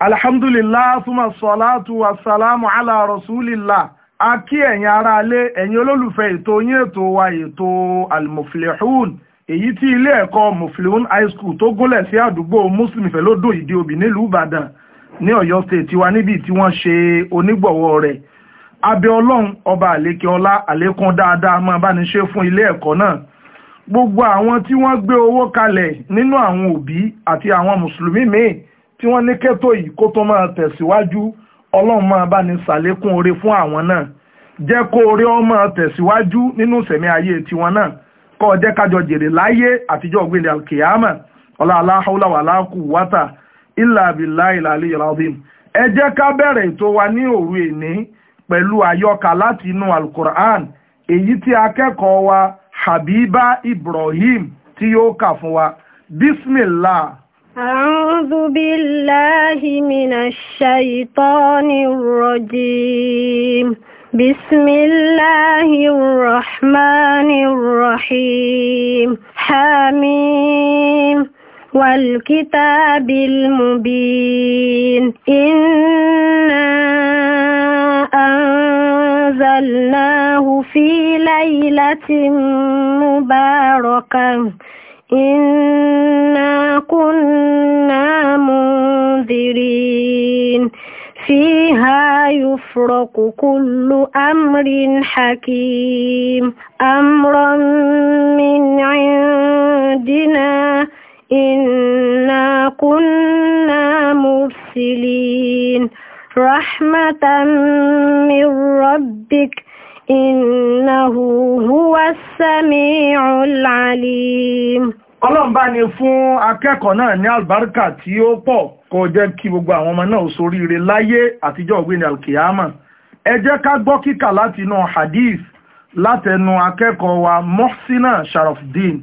alhamdulillah suma salatu wa salamu ala rasulillah a kí ẹ̀yin ará alé ẹ̀yin olólùfẹ́ ètò yín ètò wa ètò almuflihun èyí tí ilé ẹ̀kọ́ muflihun high school tó gúnlẹ̀ sí àdúgbò muslim ìfẹ́lódò ìdí òbí nílùú ìbàdàn ní ọ̀yọ́ state wa níbi tí wọ́n ṣe onígbọ̀wọ́ rẹ̀ abẹ́ ọlọ́run ọba àlékè ọlá àlékún dáadáa máa bá ní ṣe fún ilé ẹ̀kọ́ náà gbogbo àwọn tí wọ́n gbé owó kalẹ̀ nínú àwọn òbí àti àwọn mùsùlùmí mìíràn tí wọ́n ní kẹ́tò yìí kó tó máa tẹ̀síwájú ọlọ́run máa bá ní sàlékún oore fún àwọn náà jẹ́ kó oore wọn máa tẹ̀síwájú nínú sẹ̀mí ayé tiwọn náà kó jẹ́ kájọ jèrè láyé àtijọ́ ògbélé alkiyama ọlá la hawla wala quwwata illa billahil aliyyil azim ẹ jẹ́ ká bẹ̀rẹ̀ ètò wa ní òru èní pẹ̀lú àyọkà láti inú alukur'an èyí tí akẹ́kọ̀ọ́ wa habiba ibrahim tí yóò kà fún wa bismillah. أعوذ بالله من الشيطان الرجيم بسم الله الرحمن الرحيم حميم والكتاب المبين إنا أنزلناه في ليلة مباركة إنا كنا منذرين فيها يفرق كل أمر حكيم أمرا من عندنا إنا كنا مرسلين رحمة من ربك إنه هو السميع العليم ọlọ́run bá ní fún akẹ́kọ̀ọ́ náà ní àlùbáríkà tí ó pọ̀ kó jẹ́ kí gbogbo àwọn ọmọ náà ṣoríire láyé àtijọ́ ògbéni alkiyama ẹ jẹ́ ká gbọ́ kíkà láti inú hadith látẹnu akẹ́kọ̀ọ́ wa mohsina sharafdin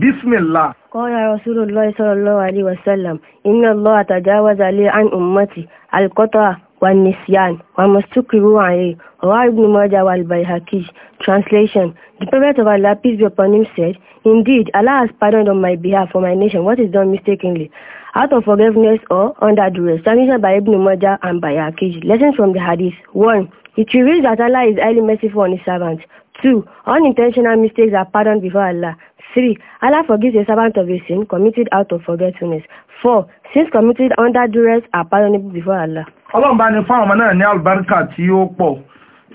bismillah. قال رسول الله صلى الله عليه وسلم إن الله تجاوز لي عن أمتي القطع والنسيان وما استكروا عليه رواه ابن Majah wal-Baihaqi. Translation The Prophet of Allah, peace be upon him, said, Indeed, Allah has pardoned on my behalf for my nation what is done mistakenly. Out of forgiveness or under duress, Translation by Ibn Majah and Baihaqi. Lessons from the Hadith. One, It reveals that Allah is highly merciful on his servants. Two, Unintentional mistakes are pardoned before Allah. Three, Allah forgives a servant of a sin committed out of forgetfulness. Four, Sins committed under duress are pardonable before Allah ọlọ́run bá ní fáwọn ọmọ náà ní àlùbáríkà tí ó pọ̀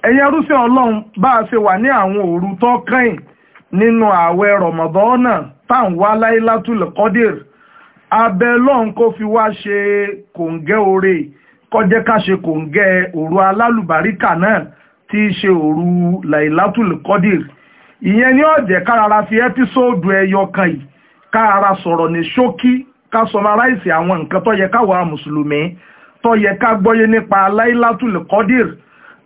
ẹ̀yin arúfẹ́ ọlọ́run bá a ṣe wà ní àwọn òru tó kẹ́yìn nínú ààwẹ̀ rọ̀mọ̀dọ́nà táwọn wá láyé látúlẹ̀ kọ́dìr abẹ́ lọ́run kó fi wá ṣe kòǹgẹ́ oore kọjẹ́ ká ṣe kòǹgẹ́ òru alálùbáríkà náà tí í ṣe òru làìlátúlẹ̀ kọ́dìr ìyẹn ní ọ̀jẹ̀ kárara fi ẹ́písòòdù ẹyọ kan yìí kárara sọ̀rọ̀ ní ṣókí ká sọmaráìsì àwọn nǹkan tó yẹ káwa mùsùlùmí tó yẹ ká gbọ́yé nípa láìlátùl kọ́dìr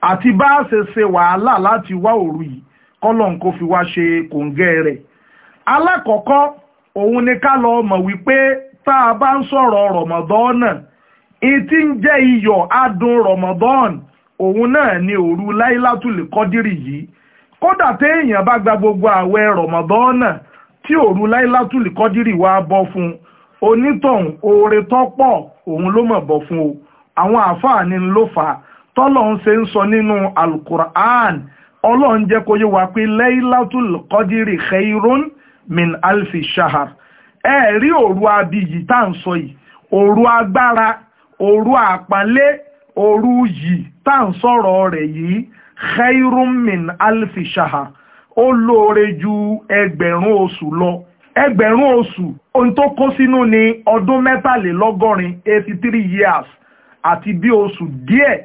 àti bá a ṣe ṣe wàhálà láti wá òru yìí kọ́lọ́n kò fi wá ṣe kòǹgẹ́ rẹ̀ alákọ̀ọ́kọ́ òun ni ká lọ mọ̀ wípé tá a bá ń sọ̀rọ̀ rọ̀mọ̀dọ́nà ìtí ń jẹ́ iyọ̀ adùn rọ̀mọ̀dọ́n òun náà ni òru láìlátùl kọ́dìrì yìí kódà téèyàn bá gba gbogbo àwẹ̀ rọ̀mọ̀dọ́nà tí òru láìlátùl kọ́dìrì wá bọ́ fún un onítọ̀hún oore tọ́pọ̀ òun ló mọ̀ bọ̀ fún o àwọn àáfàá ni ló fà á tọ́lọ́hún ṣe ń sọ nínú alukur'an ọlọ́run jẹ́ kó yé wa pé laylatul qadiri khairun min alfi shahar ẹ rí òru abiyì tá à ń sọ yìí òru agbára òru àpánlé òru yìí tá à ń sọ̀rọ̀ rẹ̀ yìí khairun min alfi shahar ó lóore ju ẹgbẹ̀rún oṣù lọ ẹgbẹ̀rún oṣù ohun tó kó sínú ni ọdún mẹ́tàlélọ́gọ́rin eighty three years àti bí oṣù díẹ̀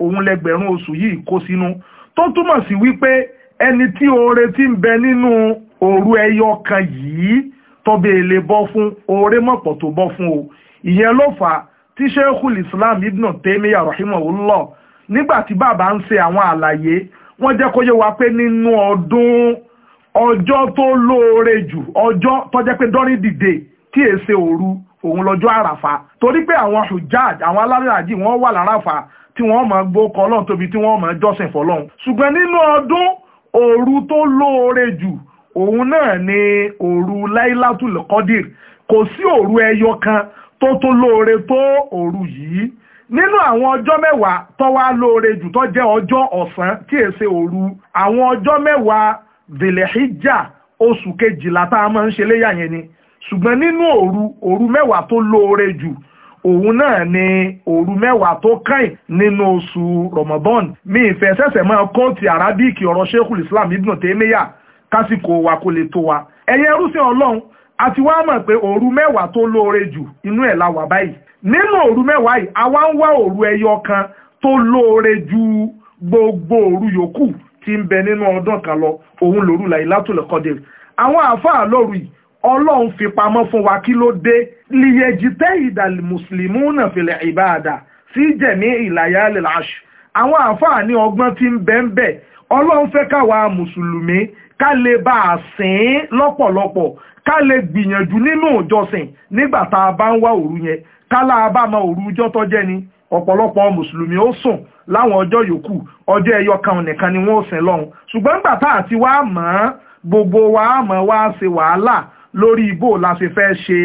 òun lẹgbẹ̀rún oṣù yìí kó sínú tó túmọ̀ sí wípé ẹni tí oore ti ń bẹ nínú òru ẹyọ kan yìí tọ́bẹ̀ èlé bọ́ fún oore mọ̀pọ̀ tó bọ́ fún o ìyẹn ló fà á tí sheikhul islam ibn taymiyyah rahimahullah nígbà tí bàbá ń ṣe àwọn àlàyé wọ́n jẹ́ kó yé wa pé nínú ọdún ọjọ́ tó lóore jù ọjọ́ tó jẹ́ pé during the day tí è ṣe òru òun lọ́jọ́ àràfà torí pé àwọn hujjaj àwọn alárìnàjì wọ́n wà láràfà tí wọ́n máa gbó kọ́ ọlọ́run tóbi tí wọ́n máa jọ́sìn fọlọ́run ṣùgbọ́n nínú ọdún òru tó lóore jù òun náà ni òru láìlátùl kọ́dìr kò sí òru ẹyọ kan tó tó lóore tó òru yìí nínú àwọn ọjọ́ mẹ́wàá tó lóore jù tó ọjọ́ ọ̀sán tí è ṣe òru àwọn ọjọ́ mẹ́wàá dìlẹ̀híjà oṣù kejìlá tá a máa ń ṣe léyà yẹn ni ṣùgbọ́n nínú òru òru mẹ́wàá tó lóore jù òun náà ni òru mẹ́wàá tó kàn nínú oṣù Ramadan mi ìfẹ́ sẹ̀sẹ̀ máa kóòtù arábíkì ọ̀rọ̀ sheikhul Islam ibn Taymiyyah kásìkò wa kò lè tó wa ẹ̀yin ẹrúsìn Ọlọ́run a ti wá mọ̀ pé òru mẹ́wàá tó lóore jù inú ẹ̀ la wà báyìí nínú òru mẹ́wàá yìí àwa ń wá òru ẹyọ kan tó lóore ju gbogbo òru yòókù tí ń bẹ nínú ọdún kan lọ òun lòru Lailatul Qadr àwọn àáfàá lóru yìí ọlọ́run fi pamọ́ fún wa kí ló dé liyejitẹ́ ìdàlì muslimuna fìlẹ̀ ìbáàdà sí jẹ̀mí ìlàyàlẹ̀ àṣù àwọn àáfàá ní ọgbọ́n tí ń bẹ ń bẹ ọlọ́run fẹ́ káwa mùsùlùmí ká lè bá a sìn lọ́pọ̀lọpọ̀ ká lè gbìyànjú nínú ìjọsìn nígbà tá a bá ń wá òru yẹn ká láa bá ma òru ọjọ́ tó jẹ́ ni ọ̀pọ̀lọpọ̀ mùsùlùmí ó sùn láwọn ọjọ́ yòókù ọjọ́ ẹyọ kan nìkan ni wọ́n ó sìn lọ́hùn ṣùgbọ́n gbà tá àti wá mọ̀ gbogbo wa mọ̀ wá ṣe wàhálà lórí ibo la ṣe fẹ́ ṣe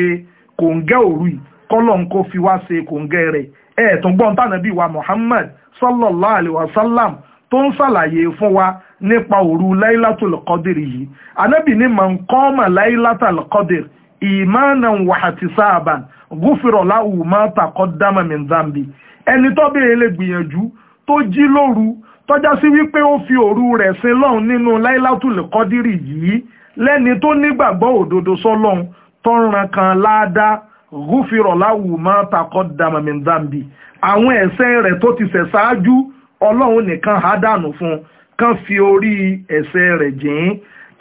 kòǹgẹ́ òru yìí kọ́lọ̀ ń kó fi wá ṣe kòǹgẹ́ rẹ̀ ẹ̀ tó gbọ́n tànàbí wa Muhammad sallallahu alayhi wa sallam tó ń ṣàlàyé fún wa nípa òru láìlátòlù kọ́dìrì yìí anábì ní mọ̀ ń kọ́ mọ̀ láìlátòlù ìmánà wàhátì sáàbà gúfìrọ̀ láwù má tàkọ́ dámà min zambi ẹni tọ́bìnrin lè gbìyànjú tó jí lóru tọ́já sí wípé ó fi òru rẹ̀ sin lọ́hùn nínú láíláàtúlù kọ́dírì yìí lẹ́ni tó nígbàgbọ́ òdodo sọ́lọ́hùn tó ń ran kan láadáa gúfìrọ̀ láwù máa takọ́ dàmàmìdàmbì àwọn ẹ̀ṣẹ̀ rẹ̀ tó ti ṣẹ̀ ṣáájú ọlọ́run nìkan á dànù fún kan fi orí ẹ̀ṣẹ̀ rẹ̀ jìn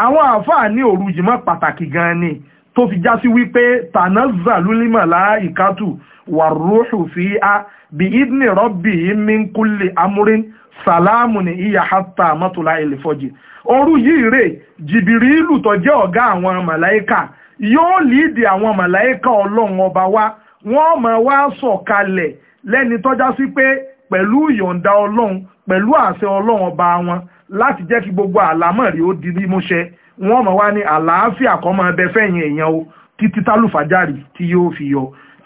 àwọn àáfàá ní òru jìmọ́ pàtàkì gan-an ni tó fi já sí wípé tànàzà lúlímọ̀ láìkátù wà rúṣù sí a bí idni rọ́bì min kulli amúrin sàlámù ní ìyá hátà mọ́tòlá ìlẹ̀fọ́jì òru yìí rè jìbìrì ìlú tó jẹ́ ọ̀gá àwọn màláìkà yóò lídìí àwọn màláìkà ọlọ́run ọba wa wọ́n máa wá sọ̀kalẹ̀ lẹ́ni tọ́já sí pé pẹ̀lú ìyọ̀ǹda ọlọ́run pẹ̀lú àṣẹ ọlọ́run ọba wọn láti jẹ́ kí gbogbo àlámọ̀rí ó di mímúṣẹ wọ́n mọ̀ wá ní àlàáfíà kọ́ máa bẹ fẹ́yìn èèyàn o títí tálùfàjárì tí yóò fi yọ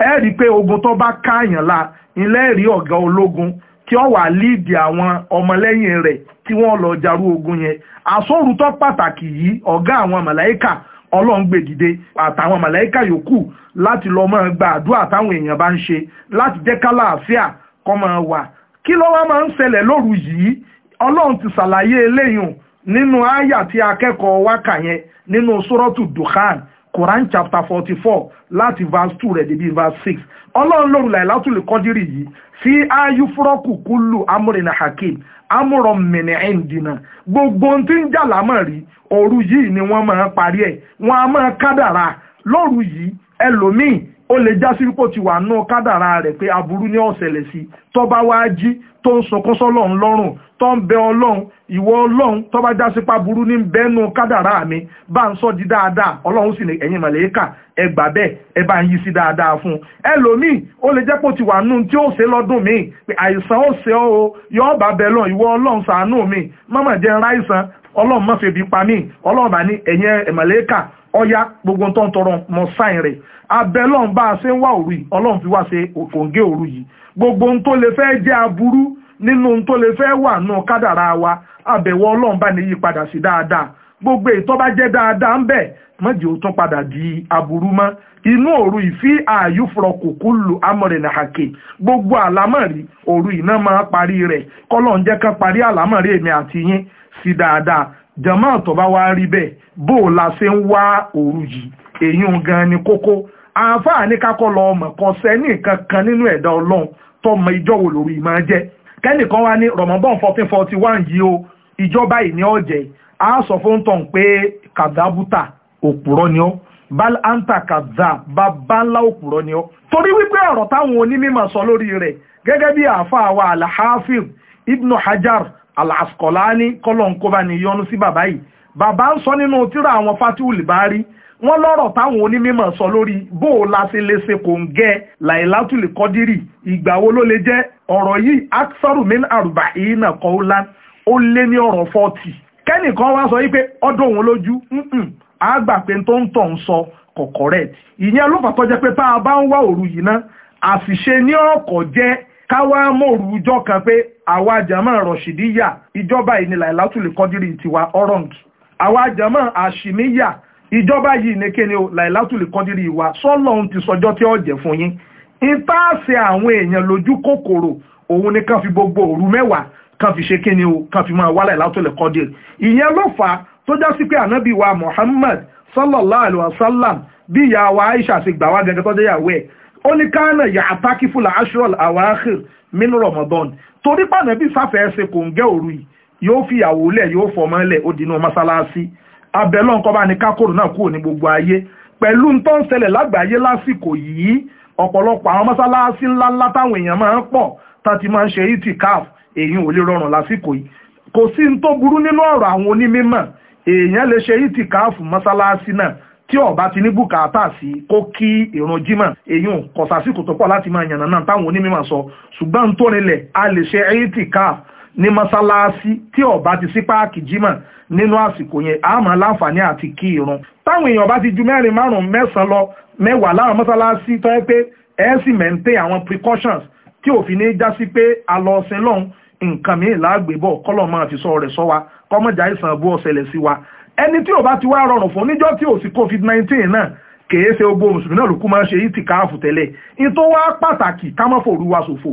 ẹ rí i pé ogun tó bá káàyàn la ilé rí ọ̀gá ológun tí ó wà líìdì àwọn ọmọlẹ́yìn rẹ̀ tí wọ́n lọ jarú ogun yẹn àsọ̀rùtọ́ pàtàkì yìí ọ̀gá àwọn màláíkà ọlọ́run gbèdìde àtàwọn màláíkà yòókù láti lọ máa gba àdúrà táwọn èèyàn bá ń ṣe láti jẹ́ kálàáfíà kó ọlọ́run ti ṣàlàyé eléyìí nínú àyà tí akẹ́kọ̀ọ́ wa kà yẹn nínú sọ́rọ́tù dukhan Quran chapter forty four láti verse two rẹ̀ débi verse six ọlọ́run lóru làìlátùlẹ̀ kọ́dírì yìí fi ayú fúrọ́kù kúlù amúrinà hakim amúrọ̀ mìnà ẹ̀ǹdìnà gbogbo ohun tí ń jà lámọ̀ rí òru yìí ni wọ́n máa parí ẹ̀ wọ́n á máa kádàrà lóru yìí ẹlòmíì ó lè já sí pípò ti wà náà kádàrá rẹ̀ pé aburú ní ọ̀sẹ̀lẹ̀ sí tó bá wá jí tó ń sọkún sọ́lọ́run lọ́rùn tó ń bẹ ọlọ́run ìwọ ọlọ́run tó bá já sí paburú ní bẹ́ẹ̀nu kádàrá mi bá ń sọ di dáadáa ọlọ́run sì ní ẹ̀yin màlẹ́kà ẹ gbà bẹ́ẹ̀ ẹ bá ń yí sí dáadáa fún un ẹlòmíì ó lè jẹ́ pò ti wà nù tí ó ṣe lọ́dún mi pé àìsàn ó ṣe ọ́ o yọ̀ọ́ bá bẹ́ẹ̀ lọ ìwọ ọlọ́run ṣàánú mi mọ́mọ́ jẹ́ ń ráìsàn ọlọ́run má febi pa mí ọlọ́run bá ní ẹ̀yin màlẹ́kà ọya gbogbo tó ń tọrọ mọ sáìn rẹ abẹ́ lọ́n bá a ṣe ń wá òru yìí ọlọ́run fi wá ṣe òfòǹgé òru yìí gbogbo tó lè fẹ́ jẹ́ aburú nínú tó lè fẹ́ wà náà kádàrá wa abẹ̀wọ̀ ọlọ́run bá ní yí padà sí dáadáa gbogbo ètò bá jẹ́ dáadáa ń bẹ̀ mọ́jì ó tún padà di aburú mọ́ inú òru ìfí ààyù fọ̀rọ̀ kòkó lu amọ̀rìnà àkè gbogbo àlámọ̀rí òru iná máa parí rẹ kọ́lọ̀ ń jẹ́ ká parí àlámọ̀rí èmi àti yín sí dáadáa jàmá tó bá wá rí bẹ́ẹ̀ bó o la ṣe ń wá òru yìí èyí ń gan ni kókó àáfàá ní kákọ́ lọ ọmọ kan sẹ́ni kankan nínú ẹ̀dá ọlọ́run tó mọ ìjọ wo lórí máa jẹ́ kẹ́nìkan wá ní rọ̀mọ́bọ́n fourteen forty one yìí o ìjọba ìní ọ̀jẹ̀ á sọ fún tàn pé kàdábùtà òpùrọ̀ ni ọ́ balanta kaza babanla òpùrọ̀ ni ọ́. torí wípé ọ̀rọ̀ táwọn onímọ̀ sọ lórí rẹ̀ gẹ́gẹ́ bí àáfàá wa alhafiz ibn hajar àlàskọ̀láání kọ́lọ̀ǹkọ́bá ni yọnu sí bàbá yìí bàbá ń sọ nínú tíra àwọn fatiwul bari wọ́n lọ́rọ̀ táwọn onímọ̀ sọ lórí bó o la ṣe lè ṣe kò ń gẹ́ làìlátùlì kọ́dírì ìgbà wo ló lè jẹ́ ọ̀rọ̀ yìí aksaru min aruba ìyínà kọ́ọ́lá ó lé ní ọ̀rọ̀ fọ́ọ̀tì kẹ́nìkan wá sọ wípé ọdún òun lójú á gbà pé tó ń tọ̀ ń sọ kọ̀kọ̀rẹ́ ìyẹn ló fàtọ́ pé tá a bá ń wá òru yìí ná àṣìṣe ní ọ̀kọ̀ jẹ́ káwá mòrú ìjọ kan pé àwa àjàmọ́ rọ̀ṣìdíyà ìjọba yìí ni làìlátùlẹ̀ kọ́dírì tiwa orong àwa àjàmọ́ àṣìmíyà ìjọba yìí ní kéde làìlátùlẹ̀ kọ́dírì wa sọ́lọ́hún ti sọjọ́ tí ó jẹ́ fún yín ìtaàsì àwọn èèyàn lójú kòkòrò òun ni kan fi gbogbo òru mẹ́wàá kan fi ṣe kíni o kan fi máa wálẹ̀ látọ̀lẹ̀ kọ́dìrì ìyẹn ló fà á tó já sí pé ànábì wa Muhammad sallallahu alayhi wa sallam bí ìyá wa Aisha ṣe gbà wá tó jẹ́ ìyàwó ẹ̀ ó ní kánà yà àtàkì fúlà ashrol awahir min Ramadan torí pànàbí sáfẹ́ ẹsẹ̀ kò ń gẹ́ òru yìí yóò fi ìyàwó lẹ̀ yóò fọmọ lẹ̀ ó dinú mọ́sálásí abẹ́lọ́ nǹkan bá ní kákòrò náà kúrò ní gbogbo ayé pẹ̀lú ń tó ń ṣẹlẹ̀ lágbàáyé lásìkò yìí ọ̀pọ̀lọpọ̀ àwọn mọ́sálásí ńláńlá táwọn èèyàn máa ń pọ̀ tá ti máa ń ṣe itikaf èyí ò lè rọrùn lásìkò yìí kò sí ń tó burú nínú ọ̀rọ̀ àwọn onímọ̀ èèyàn lè ṣe itikaf mọ́sálásí náà tí ó bá ti ní bùkátà sí kó kí ìrun jímọ̀ èyí ò kò sásìkò tó pọ̀ láti máa yànnà náà táwọn onímọ̀ sọ ṣùgbọ́n tó rinlẹ̀ a lè ṣe itikaf ní mọ́sálásí tí ó bá ti sí páàkì jímọ̀ nínú àsìkò yẹn a máa láǹfààní àti kí ìrun táwọn èèyàn bá ti ju mẹ́rin márùn mẹ́sàn-án lọ mẹ́wàá láwọn mọ́sálásí tó yẹ pé ẹ sì maintain àwọn precautions tí òfin ní já sí pé a lọ sin lọ́hùn nǹkan mìíràn láàgbébọ̀ kọ́lọ̀ máa fi sọ rẹ̀ sọ wa kọ́mọ̀jà ìsàn abú ọ̀sẹ̀lẹ̀ sí wa ẹni tí ò bá ti wá rọrùn fún níjọ́ tí ò sí covid-19 náà kèé ṣe gbogbo mùsùlùmí náà ló kú máa ṣe yìí tìkáàfù tẹ́lẹ̀ ní tó wá pàtàkì ká má fòru wa ṣòfò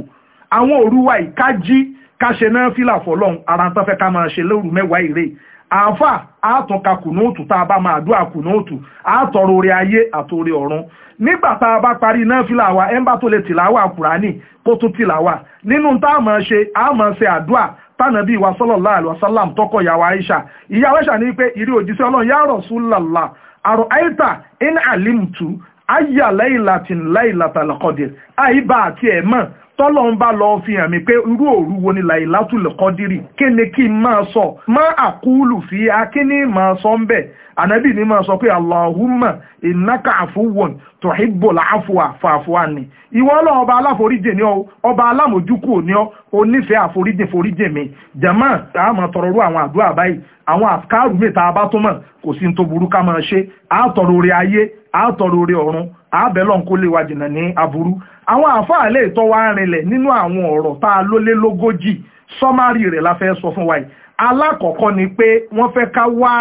àwọn òru wa yìí ká jí ká ṣe náà fìlà fọlọ́n ara tán fẹ́ ká máa ṣe lóru mẹ́wàá ìrè àáfà àátàn ka kùnóòtù tá a bá máa dúà kùnóòtù àátọrọ orí ayé àtòrí ọ̀run nígbà tá a bá parí náà fìlà wa ẹ̀ ń bá tó lè tìlàwà kùránì kó tún tìlàwà nínú tá a máa ṣe a máa ṣe àdúà tánàbí wa sallallahu alaihi wasallam tọkọ ìyàwó Aisha ìyàwó Aisha ní pé ìrí òjíṣẹ́ Ọlọ́run ya Rasulullah àrò àìtà in alimtu ayà láìlàtìn láìlàtàlọ́kọ̀dẹ̀ àìbá àti ẹ̀mọ́ tọ́lọ̀ ń bá lọ fi hàn mí pé irú òru wo ni làìlátùlù kọ́dírì kí ni kí n máa sọ má àkúlù fi á kí ni máa sọ ń bẹ̀ ànábì ni máa sọ pé allahumma innaka afuwon tuhibbul afwa fàáfùwà ni ìwọ ọlọ́run ọba aláforíjì ni ọ ọba alámòjúkù ni ọ onífẹ̀ẹ́ àforíjì foríjì mi jama àmọ́ tọrọrú àwọn àdúrà báyìí àwọn àkàrù mi tá a bá tó mọ̀ kò sí ní tó ká máa ṣe àtọ̀rọ̀ orí ayé àtọ̀rọ̀ orí ọ̀run àbẹ̀lọ́nkó lè wà jìnnà ní aburú àwọn àáfàá lè tọ́ wá rinlẹ̀ nínú àwọn ọ̀rọ̀ tá a ló lé lógójì sọ́márì rẹ̀ la fẹ́ sọ fún wa yìí alákọ̀ọ́kọ́ ni pé wọ́n fẹ́ ká wá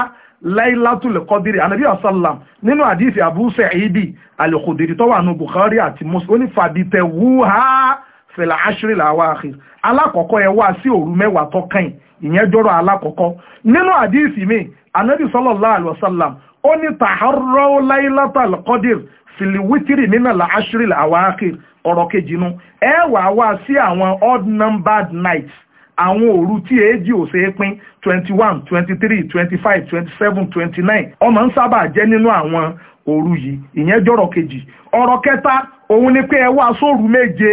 láìlátùlù kọ́dírì anabi asalam nínú àdìsí abu sa'idi alikudiri tó wà ní bukhari àti muslim onífàdìtẹ wúhá fẹlẹ ashiri làwọn àkè alákọ̀ọ́kọ́ ẹ wá sí òru mẹ́wàá tó kàn ìyẹn jọrọ alákọ̀ọ́kọ́ nínú àdìsí mi anabi sallallahu alayhi ó ní tàhárọ́ láìlátùlù kọ́dírì filiwitiri nínà làásírì àwáàkì ọ̀rọ̀ kejì nu ẹ wàá wá sí àwọn odd numbered nights àwọn òru tí èéjì ò ṣeé pín twenty one twenty three twenty five twenty seven twenty nine ọmọ ń sábà jẹ́ nínú àwọn òru yìí ìyẹn jọ̀rọ̀ kejì ọ̀rọ̀ kẹta òun ni pé ẹ wá sóòrù méje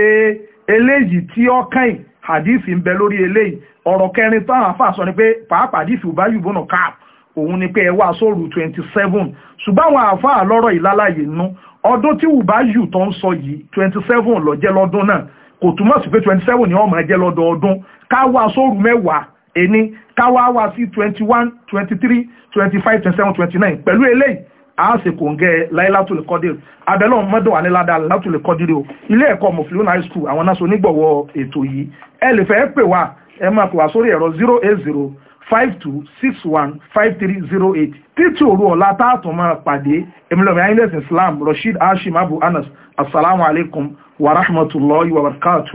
eléyìí tí ọkàn yìí hadithi ń bẹ lórí eléyìí ọ̀rọ̀ kẹrin táwọn afáàsọ ni pé pàápàá hadithi ò bá yùbọ̀nà káàpù òun ni pé ẹ wá sóòrù twenty seven ṣùgbọ́n àwọn àáfàá lọ́rọ̀ ìlàláyè nú ọdún tí wùbá yù tó ń sọ yìí twenty seven lọ́dún náà kò túmọ̀ sí pé twenty ni ó máa jẹ́ lọ́dọọdún ká wá sóòrù mẹ́wàá ẹni ká wá wá sí twenty one twenty three twenty five twenty seven twenty nine pẹ̀lú eléyìí àáṣe kò ń gẹ láìlátòlè kọ́dìrì abẹ́lọ́ mọ́dọ̀ wà ní ládàá látòlè kọ́dìrì o ilé ẹ̀kọ́ mọ̀fìlónà high school àwọn náà so onígbọ̀wọ́ ètò yìí ẹ lè fẹ́ pè wá ẹ máa pè wá sórí ẹ̀rọ zero eight zero five two six one five three zero eight títí òru ọ̀la táàtún máa pàdé emilọ́mì ayinlẹ́sìn Islam Rasheed Hashim Abu Anas Assalamu alaikum wa rahmatulahi wa barakatuh.